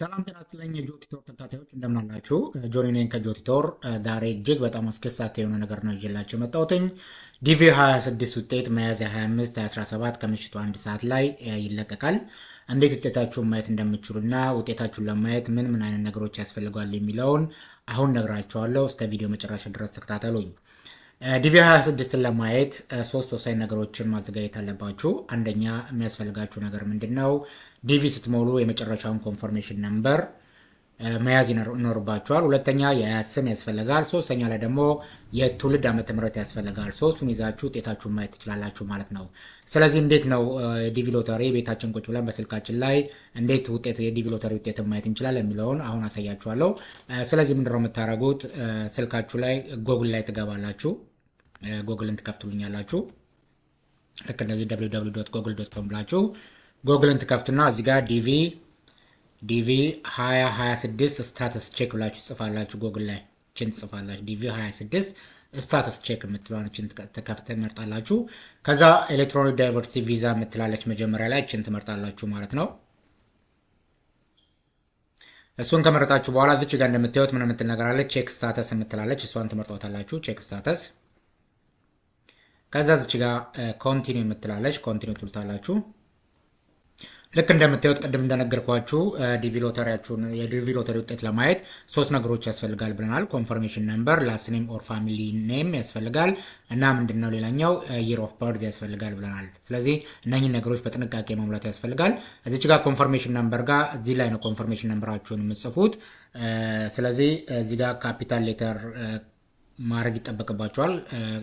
ሰላም ጤና ይስጥልኝ የጆቲቶር ተከታታዮች እንደምናላችሁ፣ ጆኒ ነኝ ከጆቲቶር። ዛሬ እጅግ በጣም አስደሳች የሆነ ነገር ነው ይዤላችሁ የመጣሁትኝ። ዲቪ 26 ውጤት ሚያዝያ 25 2017 ከምሽቱ አንድ ሰዓት ላይ ይለቀቃል። እንዴት ውጤታችሁን ማየት እንደምችሉና ውጤታችሁን ለማየት ምን ምን አይነት ነገሮች ያስፈልጓል የሚለውን አሁን ነግራችኋለሁ። እስከ ቪዲዮ መጨረሻ ድረስ ተከታተሉኝ። ዲቪ 26 ለማየት ሶስት ወሳኝ ነገሮችን ማዘጋጀት አለባችሁ። አንደኛ የሚያስፈልጋችሁ ነገር ምንድን ነው? ዲቪ ስትሞሉ የመጨረሻውን ኮንፎርሜሽን ነምበር መያዝ ይኖርባቸዋል ሁለተኛ የአያት ስም ያስፈልጋል። ሶስተኛ ላይ ደግሞ የትውልድ ዓመተ ምሕረት ያስፈልጋል። ሶስቱን ይዛችሁ ውጤታችሁን ማየት ትችላላችሁ ማለት ነው። ስለዚህ እንዴት ነው ዲቪ ሎተሪ ቤታችን ቁጭ ብለን በስልካችን ላይ እንዴት ውጤት የዲቪ ሎተሪ ውጤትን ማየት እንችላለን የሚለውን አሁን አሳያችኋለሁ። ስለዚህ ምንድነው የምታደርጉት? ስልካችሁ ላይ ጎግል ላይ ትገባላችሁ ጎግልን ትከፍቱልኛላችሁ። ልክ እንደዚህ www ዶት ጎግል ዶት ኮም ብላችሁ ጎግልን ትከፍቱና እዚህ ጋር ዲቪ ዲቪ 2026 ስታተስ ቼክ ብላችሁ ትጽፋላችሁ። ጎግል ላይ ችን ትጽፋላችሁ። ዲቪ 26 ስታተስ ቼክ ችን ተከፍተ ትመርጣላችሁ። ከዛ ኤሌክትሮኒክ ዳይቨርሲቲ ቪዛ የምትላለች መጀመሪያ ላይ ችን ትመርጣላችሁ ማለት ነው። እሱን ከመረጣችሁ በኋላ ዝች ጋር እንደምታዩት ምን የምትል ነገር አለ ቼክ ስታተስ የምትላለች እሷን ትመርጧታላችሁ። ቼክ ስታተስ ከዛ ዝች ጋር ኮንቲኒው የምትላለች ኮንቲኒው ትሉታላችሁ። ልክ እንደምታዩት ቅድም እንደነገርኳችሁ ዲቪ ሎተሪያችሁን የዲቪ ሎተሪ ውጤት ለማየት ሶስት ነገሮች ያስፈልጋል ብለናል። ኮንፈርሜሽን ነምበር፣ ላስት ኔም ኦር ፋሚሊ ኔም ያስፈልጋል እና ምንድን ነው ሌላኛው ይር ኦፍ በርድ ያስፈልጋል ብለናል። ስለዚህ እነኝን ነገሮች በጥንቃቄ መሙላት ያስፈልጋል። እዚች ጋር ኮንፈርሜሽን ነምበር ጋር እዚህ ላይ ነው ኮንፈርሜሽን ነምበራችሁን የምጽፉት። ስለዚህ እዚህ ጋር ካፒታል ሌተር ማድረግ ይጠበቅባቸዋል።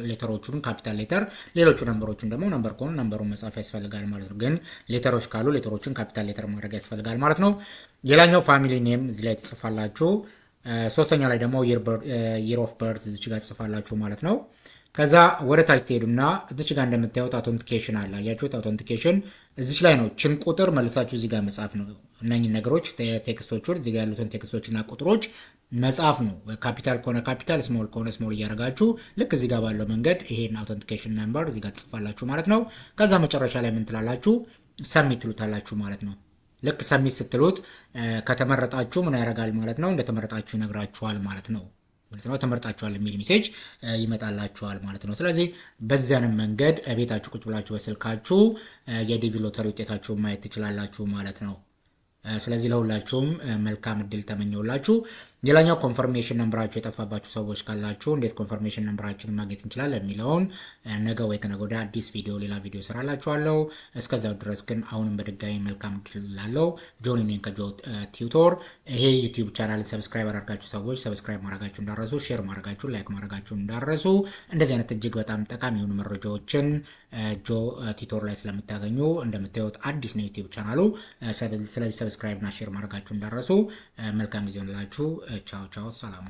ሌተሮቹን ካፒታል ሌተር፣ ሌሎቹ ነንበሮቹን ደግሞ ነንበር ከሆኑ ነንበሩን መጻፍ ያስፈልጋል ማለት ነው። ግን ሌተሮች ካሉ ሌተሮችን ካፒታል ሌተር ማድረግ ያስፈልጋል ማለት ነው። ሌላኛው ፋሚሊ ኔም እዚህ ላይ ትጽፋላችሁ። ሶስተኛው ላይ ደግሞ ይር ኦፍ በርት እዚች ጋር ትጽፋላችሁ ማለት ነው። ከዛ ወደ ታች ትሄዱና እዚች ጋር እንደምታዩት አውቶንቲኬሽን አለ። አያችሁት? አውተንቲኬሽን እዚች ላይ ነው። ችን ቁጥር መልሳችሁ እዚጋ መጻፍ ነው። እነኝህ ነገሮች ቴክስቶቹን እዚህ ያሉትን ቴክስቶችና ቁጥሮች መጻፍ ነው። ካፒታል ከሆነ ካፒታል፣ ስሞል ከሆነ ስሞል እያደረጋችሁ ልክ እዚህ ባለው መንገድ ይሄን አውቶንቲኬሽን ነምበር እዚጋ ትጽፋላችሁ ማለት ነው። ከዛ መጨረሻ ላይ ምን ትላላችሁ? ሰሚት ትሉታላችሁ ማለት ነው። ልክ ሰሚት ስትሉት ከተመረጣችሁ ምን ያደርጋል ማለት ነው? እንደተመረጣችሁ ይነግራችኋል ማለት ነው። ማለት ነው ተመርጣችኋል የሚል ሜሴጅ ይመጣላችኋል ማለት ነው። ስለዚህ በዚያንም መንገድ ቤታችሁ ቁጭ ብላችሁ በስልካችሁ የዲቪ ሎተሪ ውጤታችሁን ማየት ትችላላችሁ ማለት ነው። ስለዚህ ለሁላችሁም መልካም እድል ተመኘውላችሁ። ሌላኛው ኮንፈርሜሽን ነምበራችሁ የጠፋባችሁ ሰዎች ካላችሁ እንዴት ኮንፈርሜሽን ነምብራችን ማግኘት እንችላለን የሚለውን ነገ ወይ ከነገ ወዲያ አዲስ ቪዲዮ፣ ሌላ ቪዲዮ ስራላችኋለሁ። እስከዛው ድረስ ግን አሁንም በድጋሚ መልካም እድል ላለው ጆኒ ነኝ ከጆ ቲዩቶር። ይሄ ዩቲዩብ ቻናልን ሰብስክራይብ አድርጋችሁ ሰዎች ሰብስክራይብ ማድረጋችሁ እንዳረሱ፣ ሼር ማድረጋችሁ፣ ላይክ ማድረጋችሁ እንዳረሱ። እንደዚህ አይነት እጅግ በጣም ጠቃሚ የሆኑ መረጃዎችን ጆ ቲዩቶር ላይ ስለምታገኙ እንደምታዩት አዲስ ነው ዩቲዩብ ቻናሉ ስለዚህ ሰብስክራይብና ሼር ማድረጋችሁ እንዳረሱ መልካም ጊዜ ሆንላችሁ። ቻው ቻው፣ ሰላሙ